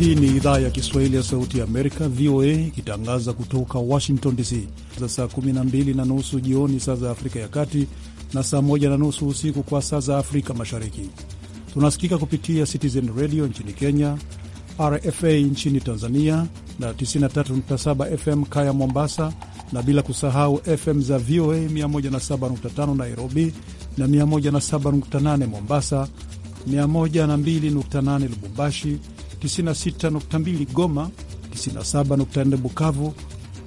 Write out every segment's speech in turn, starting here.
Hii ni idhaa ya Kiswahili ya Sauti ya Amerika, VOA, ikitangaza kutoka Washington DC za saa 12 na nusu jioni saa za Afrika ya Kati na saa 1 na nusu usiku kwa saa za Afrika Mashariki. Tunasikika kupitia Citizen Radio nchini Kenya, RFA nchini Tanzania na 93.7 FM Kaya Mombasa, na bila kusahau FM za VOA 107.5 Nairobi na 107.8 Mombasa, 102.8 Lubumbashi 96.2 Goma, 97.4 Bukavu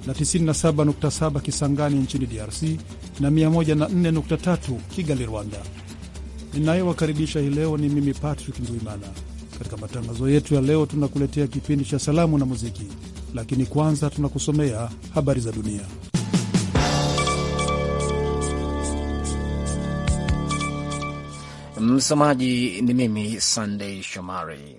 na 97.7 Kisangani nchini DRC na 104.3 Kigali, Rwanda. ninayowakaribisha hii leo ni mimi Patrick Ndwimana. Katika matangazo yetu ya leo, tunakuletea kipindi cha salamu na muziki, lakini kwanza tunakusomea habari za dunia. Msomaji ni mimi Sandey Shomari.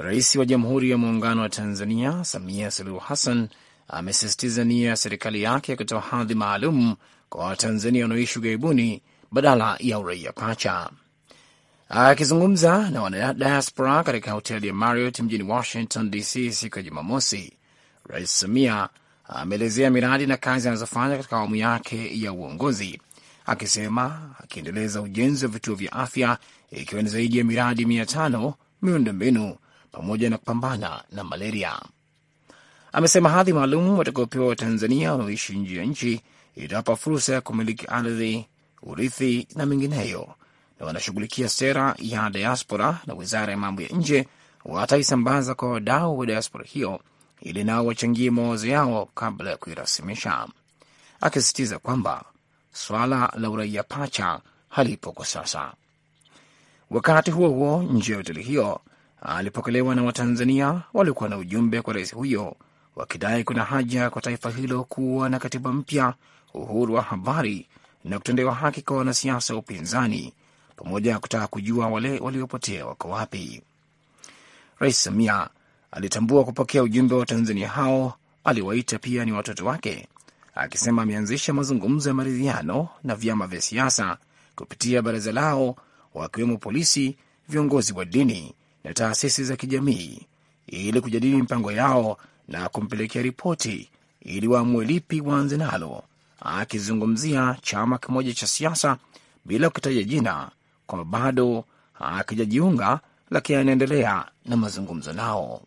Rais wa Jamhuri ya Muungano wa Tanzania Samia Suluhu Hassan amesisitiza nia ya serikali yake kutoa hadhi maalum kwa Watanzania wanaoishi ughaibuni badala ya uraia pacha. Akizungumza na wanadiaspora katika hoteli ya Marriott mjini Washington DC siku ya Jumamosi, Rais Samia ameelezea miradi na kazi anazofanya katika awamu yake ya uongozi, akisema akiendeleza ujenzi wa vituo vya afya, ikiwa ni zaidi ya miradi mia tano miundombinu pamoja na kupambana na malaria. Amesema hadhi maalum watakaopewa Watanzania wanaoishi nje ya nchi itawapa fursa ya kumiliki ardhi, urithi na mengineyo, na wanashughulikia sera ya diaspora na wizara ya mambo ya nje wataisambaza kwa wadau wa diaspora hiyo ili nao wachangie mawazo yao kabla ya kuirasimisha, akisisitiza kwamba swala la uraia pacha halipo kwa sasa. Wakati huo huo, nje ya hoteli hiyo alipokelewa na Watanzania waliokuwa na ujumbe kwa rais huyo wakidai kuna haja kwa taifa hilo kuwa na katiba mpya, uhuru wa habari na kutendewa haki kwa wanasiasa wa upinzani, pamoja na kutaka kujua wale waliopotea wako wapi. Rais Samia alitambua kupokea ujumbe wa Watanzania hao aliwaita pia ni watoto wake, akisema ameanzisha mazungumzo ya maridhiano na vyama vya siasa kupitia baraza lao, wakiwemo polisi, viongozi wa dini na taasisi za kijamii ili kujadili mipango yao na kumpelekea ripoti ili waamue lipi waanze nalo, akizungumzia chama kimoja cha siasa bila kutaja jina kwamba bado hakijajiunga, lakini anaendelea na mazungumzo nao.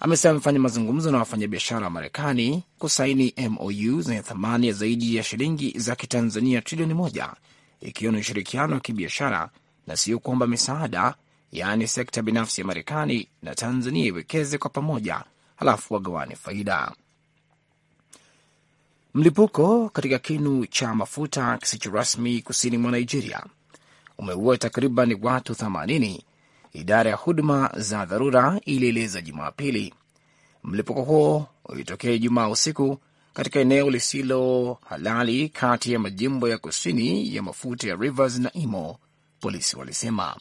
Amesema amefanya mazungumzo na wafanyabiashara wa Marekani kusaini MOU zenye thamani ya zaidi ya shilingi za kitanzania trilioni moja, ikiwa ni ushirikiano wa kibiashara na sio kuomba misaada yaani sekta binafsi ya Marekani na Tanzania iwekeze kwa pamoja, halafu wagawane faida. Mlipuko katika kinu cha mafuta kisicho rasmi kusini mwa Nigeria umeua takriban watu 80, idara ya huduma za dharura ilieleza Jumapili. Mlipuko huo ulitokea Ijumaa usiku katika eneo lisilo halali kati ya majimbo ya kusini ya mafuta ya Rivers na Imo, polisi walisema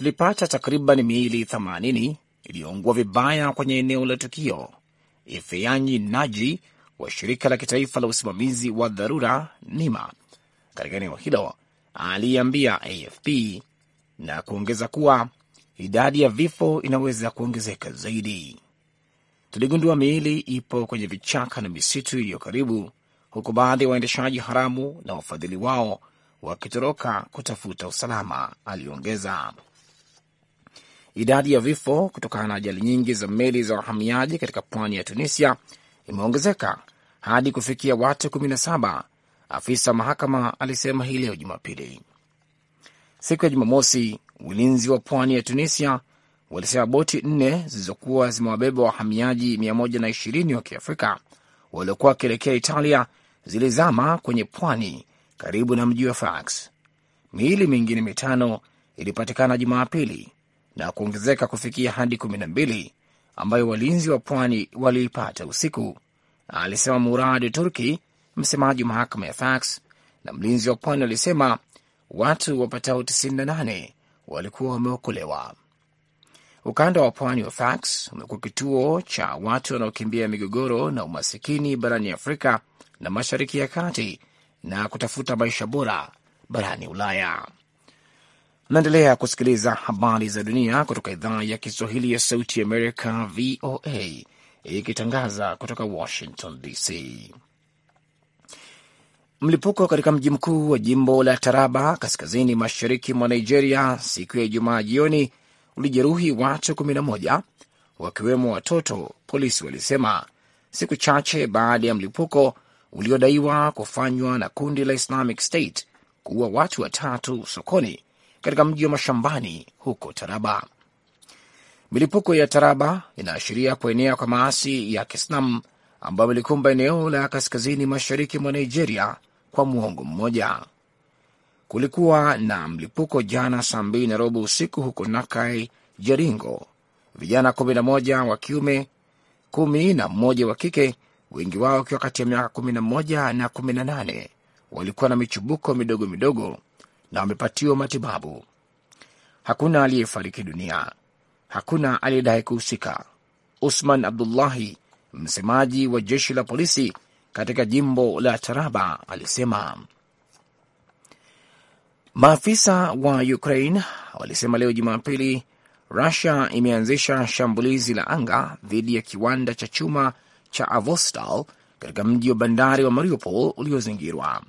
tulipata takriban miili 80 iliyoungua vibaya kwenye eneo la tukio. Ifeanyi Naji wa shirika la kitaifa la usimamizi wa dharura NIMA katika eneo hilo aliambia AFP na kuongeza kuwa idadi ya vifo inaweza kuongezeka zaidi. Tuligundua miili ipo kwenye vichaka na misitu iliyo karibu, huku baadhi ya waendeshaji haramu na wafadhili wao wakitoroka kutafuta usalama, aliongeza. Idadi ya vifo kutokana na ajali nyingi za meli za wahamiaji katika pwani ya Tunisia imeongezeka hadi kufikia watu 17, afisa mahakama alisema hii leo Jumapili. Siku ya Jumamosi, ulinzi wa pwani ya Tunisia walisema boti nne zilizokuwa zimewabeba wahamiaji 120 wa Kiafrika waliokuwa wakielekea Italia zilizama kwenye pwani karibu na mji wa Fax. Miili mingine mitano ilipatikana Jumapili na kuongezeka kufikia hadi kumi na mbili ambayo walinzi wa pwani waliipata usiku, alisema Murad Turki, msemaji wa mahakama ya Fax. Na mlinzi wa pwani alisema watu wapatao 98 walikuwa wameokolewa. Ukanda wa pwani wa fax umekuwa kituo cha watu wanaokimbia migogoro na umasikini barani Afrika na Mashariki ya Kati na kutafuta maisha bora barani Ulaya naendelea kusikiliza habari za dunia kutoka idhaa ya Kiswahili ya Sauti Amerika, VOA, ikitangaza kutoka Washington DC. Mlipuko katika mji mkuu wa jimbo la Taraba, kaskazini mashariki mwa Nigeria, siku ya Ijumaa jioni ulijeruhi watu 11 wakiwemo watoto, polisi walisema, siku chache baada ya mlipuko uliodaiwa kufanywa na kundi la Islamic State kuua watu watatu sokoni katika mji wa mashambani huko Taraba. Milipuko ya Taraba inaashiria kuenea kwa maasi ya kisnam ambayo ilikumba eneo la kaskazini mashariki mwa Nigeria kwa mwongo mmoja. Kulikuwa na mlipuko jana saa mbili na robo usiku huko Nakai Jaringo. Vijana kumi na moja wa kiume, kumi na mmoja wa kike, wengi wao wakiwa kati ya miaka kumi na moja na kumi na nane walikuwa na michubuko midogo midogo na wamepatiwa matibabu. Hakuna aliyefariki dunia, hakuna aliyedai kuhusika. Usman Abdullahi, msemaji wa jeshi la polisi katika jimbo la Taraba, alisema. Maafisa wa Ukraine walisema leo Jumapili Rusia imeanzisha shambulizi la anga dhidi ya kiwanda cha chuma cha Avostal katika mji wa bandari wa Mariupol uliozingirwa.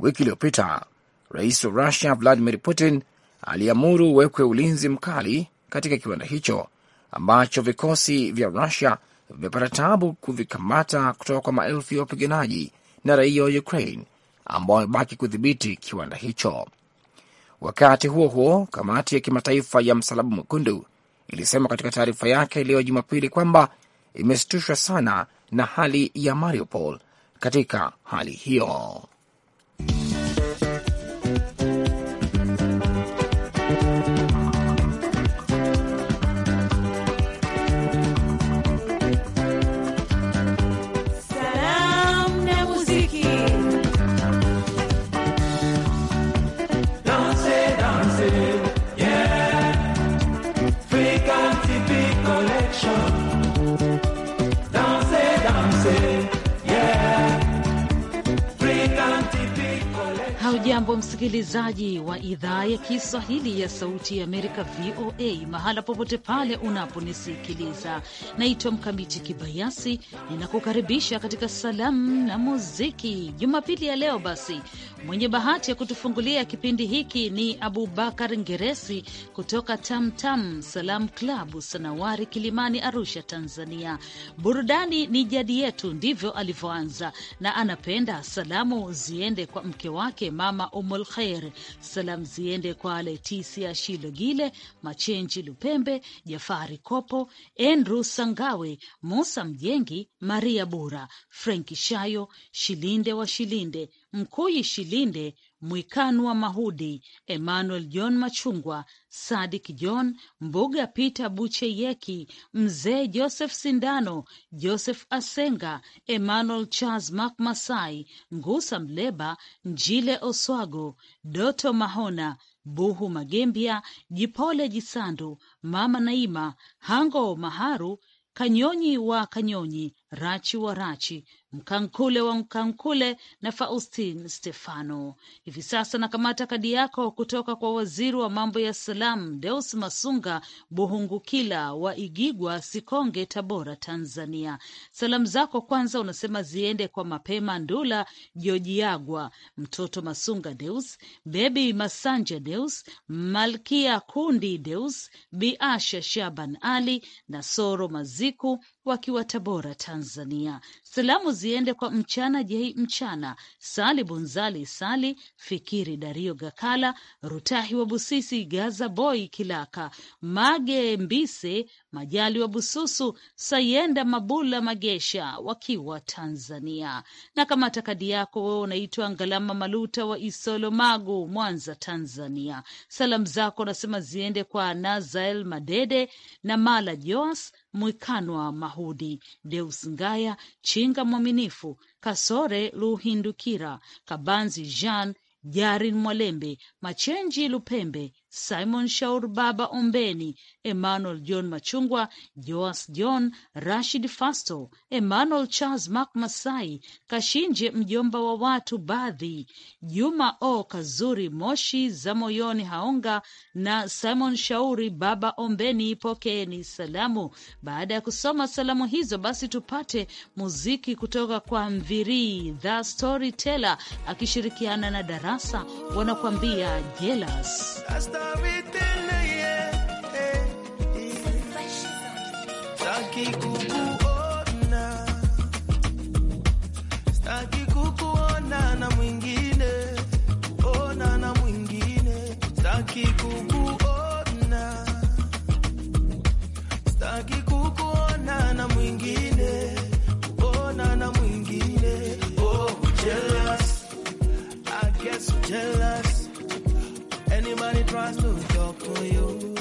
Wiki iliyopita rais wa Rusia Vladimir Putin aliamuru uwekwe ulinzi mkali katika kiwanda hicho ambacho vikosi vya Rusia vimepata tabu kuvikamata kutoka kwa maelfu ya wapiganaji na raia wa Ukraine ambao wamebaki kudhibiti kiwanda hicho. Wakati huo huo, kamati ya kimataifa ya Msalaba Mwekundu ilisema katika taarifa yake leo Jumapili kwamba imesitushwa sana na hali ya Mariupol. Katika hali hiyo Hujambo msikilizaji wa idhaa ya Kiswahili ya Sauti ya Amerika, VOA, mahala popote pale unaponisikiliza. Naitwa Mkamiti Kibayasi, ninakukaribisha katika Salamu na Muziki Jumapili ya leo. Basi mwenye bahati ya kutufungulia kipindi hiki ni Abubakar Ngeresi kutoka Tamtam Salam Klabu, Sanawari, Kilimani, Arusha, Tanzania. Burudani ni jadi yetu, ndivyo alivyoanza, na anapenda salamu ziende kwa mke wake Mama Omolkhair. salam Salamu ziende kwa Leticia Shilogile, Machenji Lupembe, Jafari Kopo, Andrew Sangawe, Musa Mjengi, Maria Bura, Frenki Shayo, Shilinde wa Shilinde, Mkuyi Shilinde Mwikanwa Mahudi, Emmanuel John Machungwa, Sadik John Mbuga, Peter Bucheyeki, Mzee Joseph Sindano, Joseph Asenga, Emmanuel Charles Mak Masai, Ngusa Mleba, Njile Oswago, Doto Mahona, Buhu Magembia, Jipole Jisandu, Mama Naima, Hango Maharu, Kanyonyi wa Kanyonyi Rachi wa Rachi, Mkankule wa Mkankule na Faustin Stefano. Hivi sasa nakamata kadi yako kutoka kwa waziri wa mambo ya salam Deus Masunga Buhungukila wa Igigwa, Sikonge, Tabora, Tanzania. Salamu zako kwanza unasema ziende kwa Mapema Ndula, Jojiagwa, mtoto Masunga Deus, Bebi Masanja Deus, Malkia Kundi Deus, Biasha Shaban Ali na Soro Maziku wakiwa Tabora, Tanzania. Salamu ziende kwa mchana Jei Mchana, Sali Bunzali, Sali Fikiri, Dario Gakala, Rutahi wa Busisi, Gaza Boi Kilaka, Mage Mbise, Majali wa Bususu, Sayenda Mabula Magesha wakiwa Tanzania. Na kamata kadi yako wewe, unaitwa Ngalama Maluta wa Isolo, Magu, Mwanza, Tanzania. Salamu zako unasema ziende kwa Nazael Madede na Mala Joas Mwikanwa Mahudi, Deus Ngaya Chini Odinga Mwaminifu, Kasore Luhindukira, Kabanzi Jean, Jarin Mwalembe, Machenji Lupembe Simon Shaur, Baba Ombeni, Emmanuel John Machungwa, Joas John, Rashid Fasto, Emmanuel Charles Mak Masai, Kashinje mjomba wa watu baadhi, Juma O Kazuri Moshi za moyoni Haonga na Simon Shauri, Baba Ombeni, pokeeni salamu. Baada ya kusoma salamu hizo, basi tupate muziki kutoka kwa Mvirii the Storyteller akishirikiana na Darasa wanakuambia jealous. Eh, eh. Kiko you.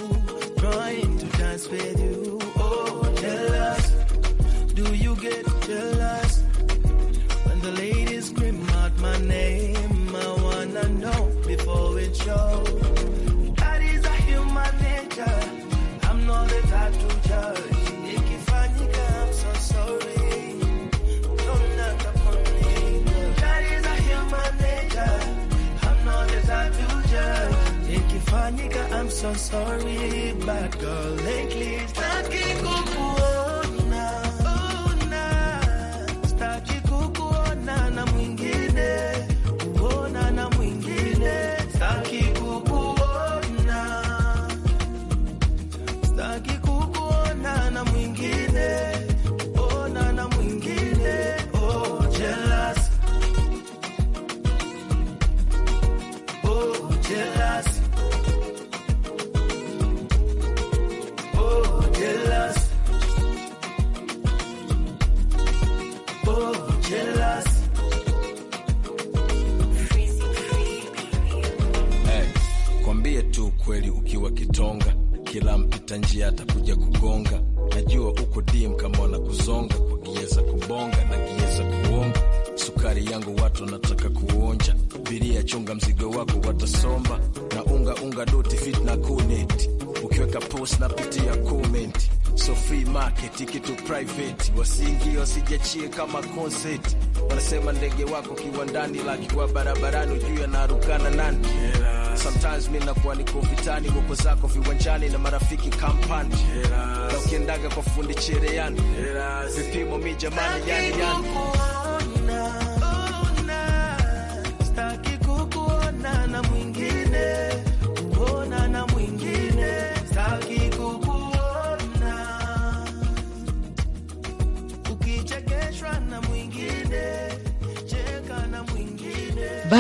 so sorry, bad girl lately. atapita njia, atakuja kugonga. Najua uko dim kama wanakuzonga kwa kubonga na gieza kuonga. Sukari yangu watu wanataka kuonja, biria chunga mzigo wako watasomba na unga unga doti fit na kuneti, ukiweka post na pitia komenti so free market iki private, wasingi wasijachie kama concert. Wanasema ndege wako kiwandani, lakiwa barabarani, juu yanarukana nani? Sometimes mi nakuwa niko vitani, huko zako viwanjani na marafiki kampani, na ukiendaga kwa fundi cherehani, vipimo mi jamani, yani yani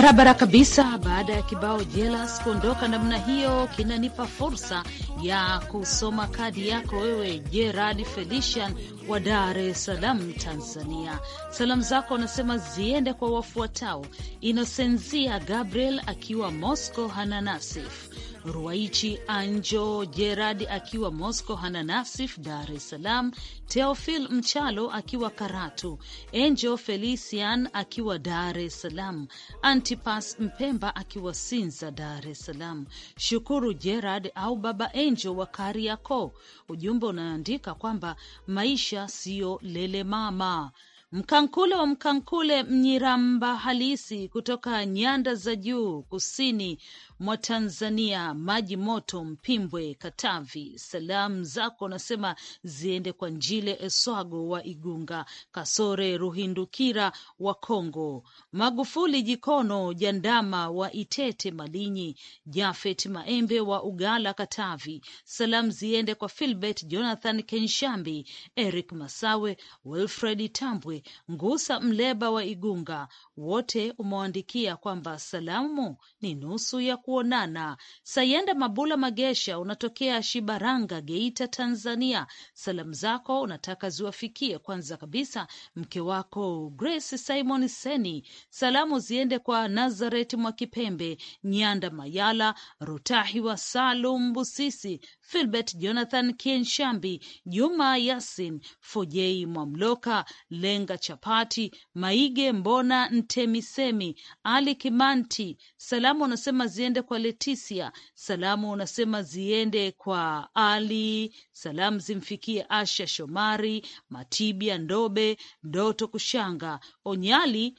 Barabara kabisa. Baada ya kibao jelas kuondoka namna hiyo, kinanipa fursa ya kusoma kadi yako wewe, Gerard Felician wa Dar es Salaam, Tanzania. Salamu zako anasema ziende kwa wafuatao: inosenzia Gabriel akiwa Moscow, Hananasif ruaichi Anjo Gerard akiwa Moscow, Hananasif Dar es Salaam, Teofil Mchalo akiwa Karatu, Angel Felician akiwa Dar es Salaam, Antipas Mpemba akiwa Sinza, Dar es Salaam, Shukuru Gerard au Baba Angel wa Kariakoo. Ujumbe unaandika kwamba maisha siyo lele mama. Mkankule wa Mkankule Mnyiramba halisi kutoka nyanda za juu kusini mwa Tanzania, maji moto Mpimbwe, Katavi. Salamu zako nasema ziende kwa Njile Eswago wa Igunga, Kasore Ruhindukira wa Kongo, Magufuli Jikono Jandama wa Itete, Malinyi, Jafet Maembe wa Ugala, Katavi. Salamu ziende kwa Filbert Jonathan Kenshambi, Eric Masawe, Wilfred Tambwe, Ngusa Mleba wa Igunga. Wote umewaandikia kwamba salamu ni nusu ya kuonana. Sayenda Mabula Magesha, unatokea Shibaranga, Geita, Tanzania. Salamu zako unataka ziwafikie kwanza kabisa mke wako Grace Simon Seni. Salamu ziende kwa Nazaret Mwakipembe, Nyanda Mayala, Rutahi wa Salum Busisi, Filbert Jonathan Kienshambi, Juma Yasin, Fojei Mwamloka, Lenga Chapati, Maige Mbona, Ntemisemi, Ali Kimanti. Salamu unasema ziende kwa Letisia, salamu unasema ziende kwa Ali, salamu zimfikie Asha Shomari, Matibia Ndobe, Ndoto Kushanga, Onyali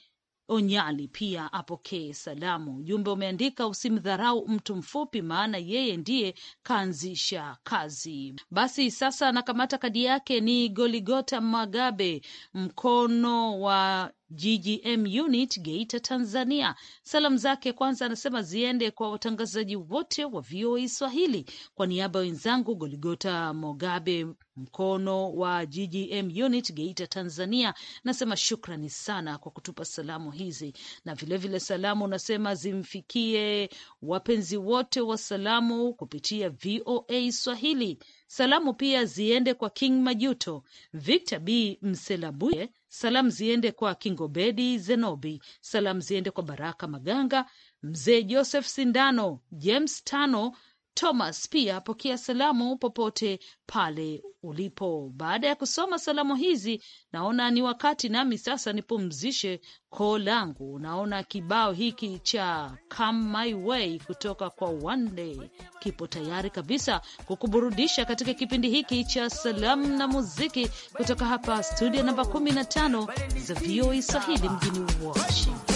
Onyali pia apokee salamu. Ujumbe umeandika usimdharau mtu mfupi, maana yeye ndiye kaanzisha kazi. Basi sasa anakamata kadi yake, ni Goligota Magabe, mkono wa GGM unit Geita, Tanzania. Salamu zake kwanza anasema ziende kwa watangazaji wote wa VOA Swahili. Kwa niaba ya wenzangu Goligota Mogabe mkono wa GGM unit Geita, Tanzania, nasema shukrani sana kwa kutupa salamu hizi, na vilevile vile salamu nasema zimfikie wapenzi wote wa salamu kupitia VOA Swahili. Salamu pia ziende kwa King Majuto, Victor B Mselabuye Salamu ziende kwa Kingobedi Zenobi, salamu ziende kwa Baraka Maganga, mzee Joseph Sindano, James Tano Thomas pia pokea salamu popote pale ulipo. Baada ya kusoma salamu hizi, naona ni wakati nami sasa nipumzishe koo langu. Naona kibao hiki cha Come My Way kutoka kwa One Day kipo tayari kabisa kukuburudisha katika kipindi hiki cha salamu na muziki kutoka hapa studio namba 15 za VOA e Swahili mjini Washington.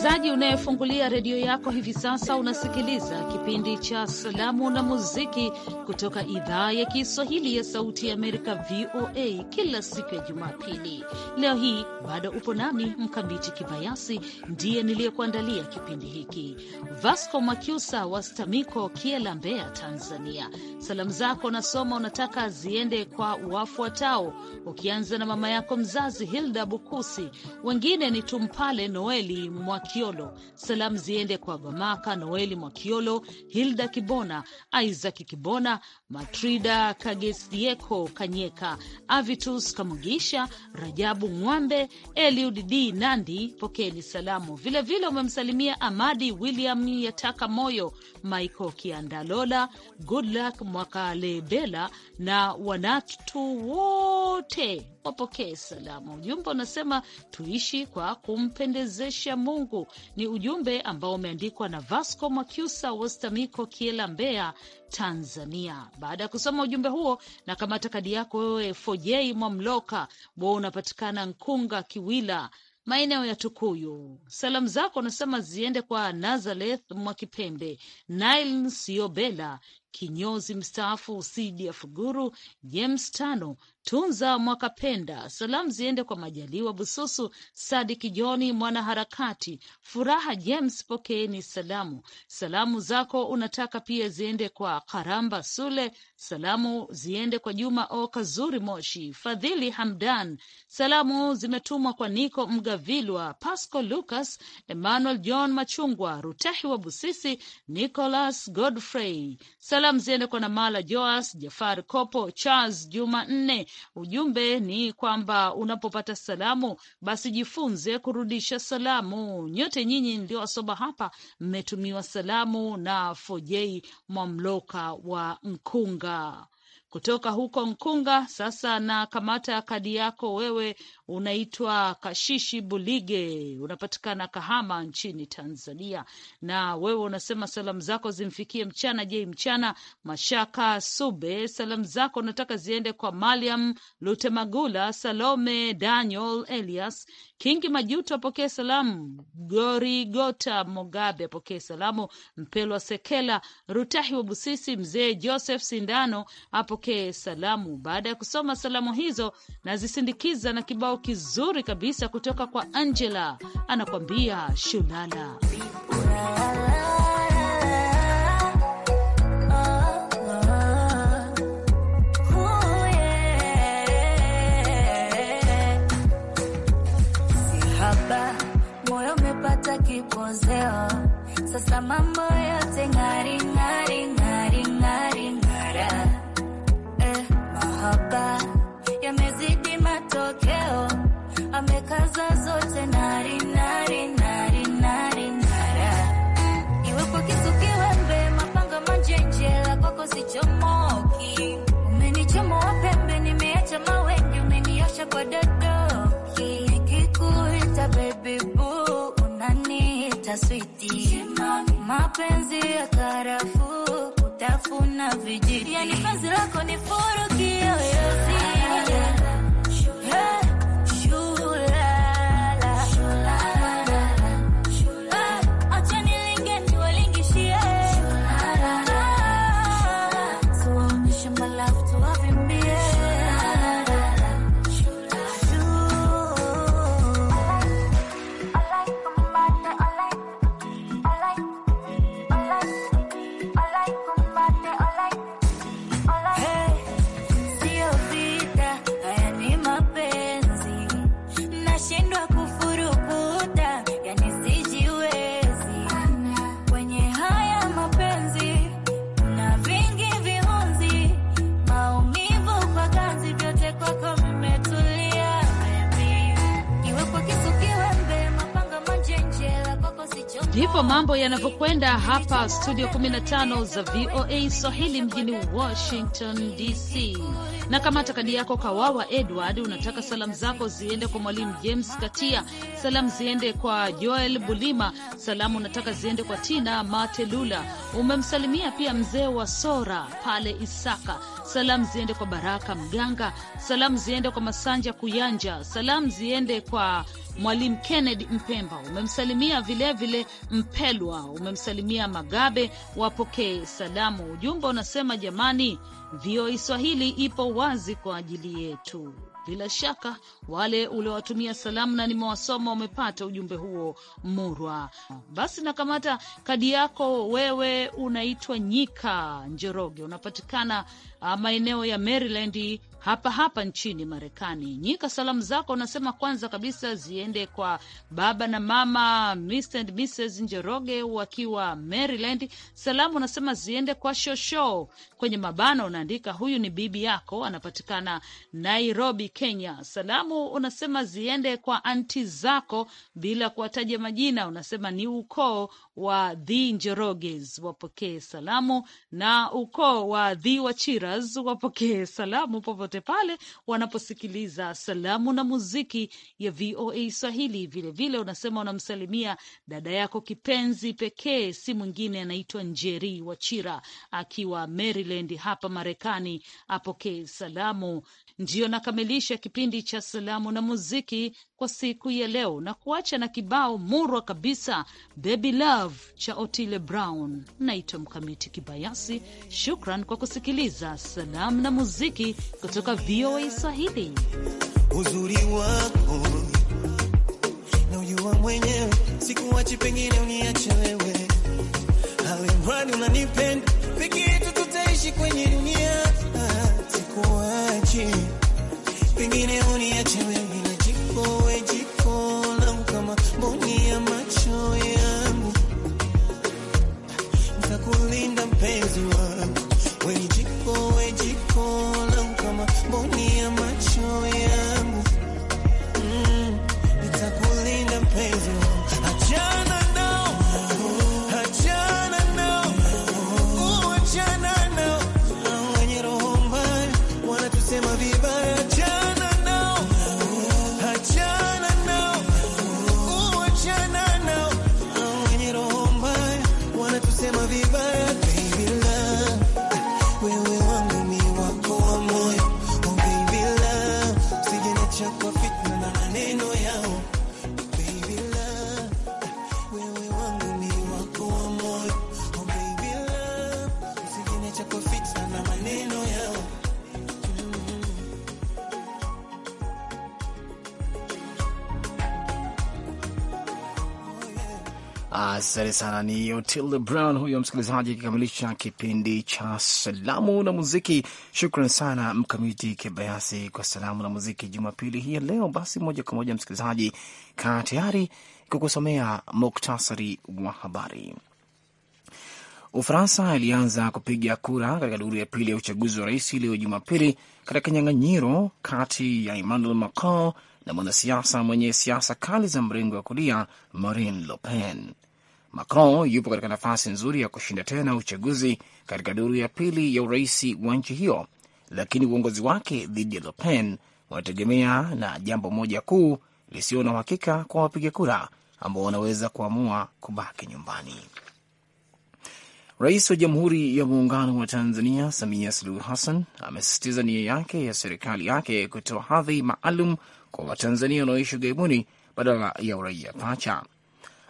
Msikilizaji unayefungulia redio yako hivi sasa, unasikiliza kipindi cha Salamu na Muziki kutoka idhaa ya Kiswahili ya Sauti ya Amerika, VOA, kila siku ya Jumapili. Leo hii bado upo nami Mkambiti Kibayasi, ndiye niliyekuandalia kipindi hiki. Vasco makiusa wa Stamiko, Kiela, Mbeya, Tanzania, salamu zako nasoma unataka ziende kwa wafuatao, ukianza na mama yako mzazi Hilda Bukusi, wengine ni Tumpale Noeli Mwaki Mwakiolo. Salamu ziende kwa Bamaka Noeli Mwakiolo, Hilda Kibona, Isaac Kibona, Matrida Kagesdieko Kanyeka, Avitus Kamugisha, Rajabu Ng'wambe, Eliud D Nandi, pokeni salamu vilevile. Umemsalimia Amadi William Yataka Moyo, Michael Kiandalola, Goodluck Mwakalebela na wanatu wote wapokee salamu. Ujumbe unasema tuishi kwa kumpendezesha Mungu huu ni ujumbe ambao umeandikwa na Vasco Mwakyusa Westamiko Kiela, Mbeya, Tanzania. Baada ya kusoma ujumbe huo, na kamata kadi yako wewe, Fojei Mwamloka wa unapatikana Nkunga Kiwila, maeneo ya Tukuyu. Salamu zako unasema ziende kwa Nazareth Mwakipembe, Nile Siobela kinyozi mstaafu, Sidi Afuguru, James Tano Tunza Mwakapenda, salamu ziende kwa Majaliwa Bususu, Sadiki Joni mwanaharakati, Furaha James, pokeeni salamu. Salamu zako unataka pia ziende kwa Karamba Sule, salamu ziende kwa Juma O Kazuri Moshi, Fadhili Hamdan. Salamu zimetumwa kwa Niko Mgavilwa, Pasco Lucas, Emmanuel John Machungwa, Rutehi wa Busisi, nicolas Godfrey. Salamu ziende kwa Namala Joas, jafar Kopo, Charles Juma Nne, Ujumbe ni kwamba unapopata salamu, basi jifunze kurudisha salamu. Nyote nyinyi ndio wasoma hapa, mmetumiwa salamu na Fojei Mwamloka wa Mkunga kutoka huko Nkunga. Sasa na kamata kadi yako wewe, unaitwa Kashishi Bulige, unapatikana Kahama nchini Tanzania, na wewe unasema salamu zako zimfikie mchana Jei mchana Mashaka Sube. Salamu zako unataka ziende kwa Mariam Lutemagula, Salome Daniel, Elias Kingi Majuto apokee salamu, Gorigota Mogabe apokee salamu, Mpelwa Sekela Rutahi wa Busisi, mzee Joseph Sindano apokee salamu. Baada ya kusoma salamu hizo, nazisindikiza na kibao kizuri kabisa kutoka kwa Angela, anakuambia shulala sasa mambo yote ngari ngari ngari ngari ngara eh, mahaba yamezidi matokeo amekaza zote nari nari nari nari ngara iwepo kisukiwembe mapanga manjenjela kwako sichomoki umenichomoa pembe nimeacha mawengi umeniosha kwa dada kuleta switi, mapenzi ya karafu kutafuna vijiti, yani penzi lako ni furuki yoyote Ndivyo mambo yanavyokwenda hapa studio 15 za VOA Swahili mjini Washington DC. Na kama takadi yako Kawawa Edward, unataka salamu zako ziende kwa Mwalimu James Katia, salamu ziende kwa Joel Bulima, salamu unataka ziende kwa Tina Matelula, umemsalimia pia mzee wa Sora pale Isaka Salamu ziende kwa Baraka Mganga, salamu ziende kwa Masanja Kuyanja, salamu ziende kwa Mwalimu Kennedy Mpemba, umemsalimia vilevile vile Mpelwa, umemsalimia Magabe, wapokee salamu. Ujumbe unasema jamani, VOA e Swahili ipo wazi kwa ajili yetu. Bila shaka wale uliowatumia salamu na nimewasoma wamepata ujumbe huo murwa. Basi nakamata kadi yako, wewe unaitwa Nyika Njoroge, unapatikana ah, maeneo ya Maryland hapa hapa nchini Marekani. Nyika, salamu zako unasema kwanza kabisa ziende kwa baba na mama Mr. and Mrs. wakiwa Maryland. Salamu unasema ziende kwa Shosho kwenye mabano, unaandika huyu ni bibi yako, anapatikana Nairobi, Kenya. Salamu unasema ziende kwa anti zako bila kuwataja majina, unasema ni ukoo wa the Njeroges wapokee salamu na ukoo wa the Wachiras wapokee salamu popote popote pale wanaposikiliza salamu na muziki ya VOA Swahili. Vilevile unasema unamsalimia dada yako kipenzi pekee, si mwingine anaitwa Njeri Wachira akiwa Maryland hapa Marekani, apokee salamu. Ndiyo nakamilisha kipindi cha salamu na muziki kwa siku ya leo na kuacha na kibao murwa kabisa Baby Love cha Otile Brown. Naitwa Mkamiti Kibayasi, shukran kwa kusikiliza salamu na muziki kutoka VOA Swahili. Uzuri wako naujua mwenyewe, pengine uniache wewe, unanipenda, tutaishi kwenye dunia, mwingine uniache wewe Asante sana, ni Otile Brown huyo msikilizaji, akikamilisha kipindi cha salamu na muziki. Shukran sana Mkamiti Kibayasi kwa salamu na muziki jumapili hii leo. Basi moja kwa moja, msikilizaji, kaa tayari kukusomea muktasari wa habari. Ufaransa ilianza kupiga kura katika duru ya pili ya uchaguzi wa rais leo Jumapili, katika kinyang'anyiro kati ya Emmanuel Macron na mwanasiasa mwenye siasa kali za mrengo wa kulia Marine Le Pen. Macron yupo katika nafasi nzuri ya kushinda tena uchaguzi katika duru ya pili ya urais wa nchi hiyo, lakini uongozi wake dhidi ya Le Pen unategemea na jambo moja kuu lisio na uhakika kwa wapiga kura ambao wanaweza kuamua kubaki nyumbani. Rais wa Jamhuri ya Muungano wa Tanzania Samia Suluhu Hassan amesisitiza nia yake ya serikali yake kutoa hadhi maalum kwa Watanzania wanaoishi ughaibuni badala ya uraia pacha.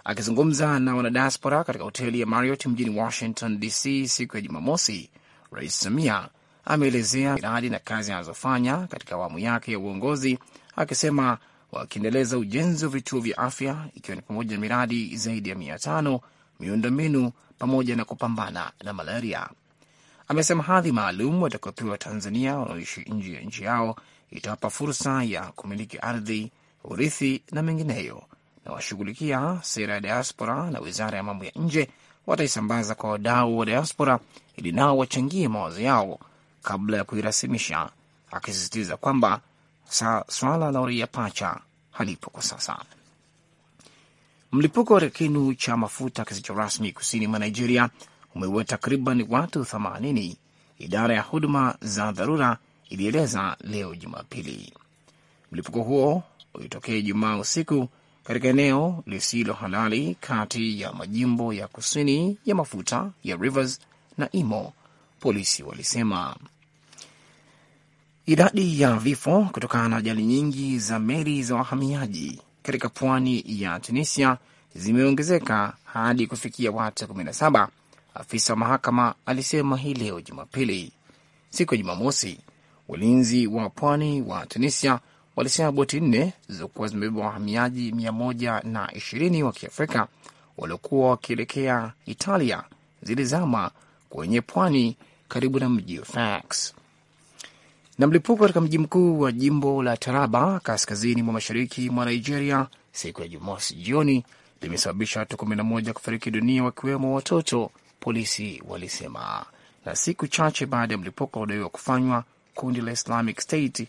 Akizungumza na wanadiaspora katika hoteli ya Marriott mjini Washington DC siku ya Jumamosi, Rais Samia ameelezea miradi na kazi anazofanya katika awamu yake ya uongozi, akisema wakiendeleza ujenzi wa vituo vya afya ikiwa ni pamoja na miradi zaidi ya mia tano, miundombinu pamoja na kupambana na malaria. Amesema hadhi maalum watakaopewa Tanzania wanaoishi nje ya nchi yao itawapa fursa ya kumiliki ardhi, urithi na mengineyo na washughulikia sera ya diaspora na wizara ya mambo ya nje wataisambaza kwa wadau wa diaspora ili nao wachangie mawazo yao kabla ya kuirasimisha, akisisitiza kwamba swala la uraia pacha halipo kwa sasa. Mlipuko wa kinu cha mafuta kisicho rasmi kusini mwa Nigeria umeua takriban watu 80, idara ya huduma za dharura ilieleza leo Jumapili. Mlipuko huo ulitokea Ijumaa usiku katika eneo lisilo halali kati ya majimbo ya kusini ya mafuta ya Rivers na Imo, polisi walisema. Idadi ya vifo kutokana na ajali nyingi za meli za wahamiaji katika pwani ya Tunisia zimeongezeka hadi kufikia watu 17, afisa wa mahakama alisema hii leo Jumapili. Siku ya Jumamosi, walinzi wa pwani wa Tunisia walisema boti nne zilizokuwa zimebeba wahamiaji mia moja na ishirini wa Kiafrika waliokuwa wakielekea Italia zilizama kwenye pwani karibu na mji wa Fax. Na mlipuko katika mji mkuu wa jimbo la Taraba kaskazini mwa mashariki mwa Nigeria siku ya Jumamosi jioni limesababisha watu kumi na moja kufariki dunia wakiwemo watoto, polisi walisema. Na siku chache baada ya mlipuko udaiwa kufanywa, kundi la Islamic State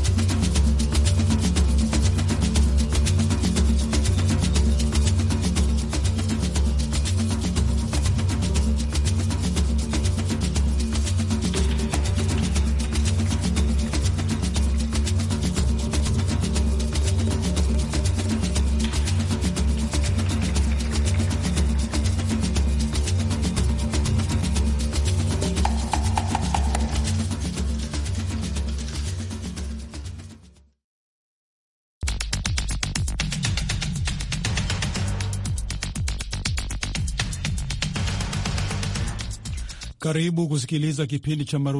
Karibu kusikiliza kipindi cha marudio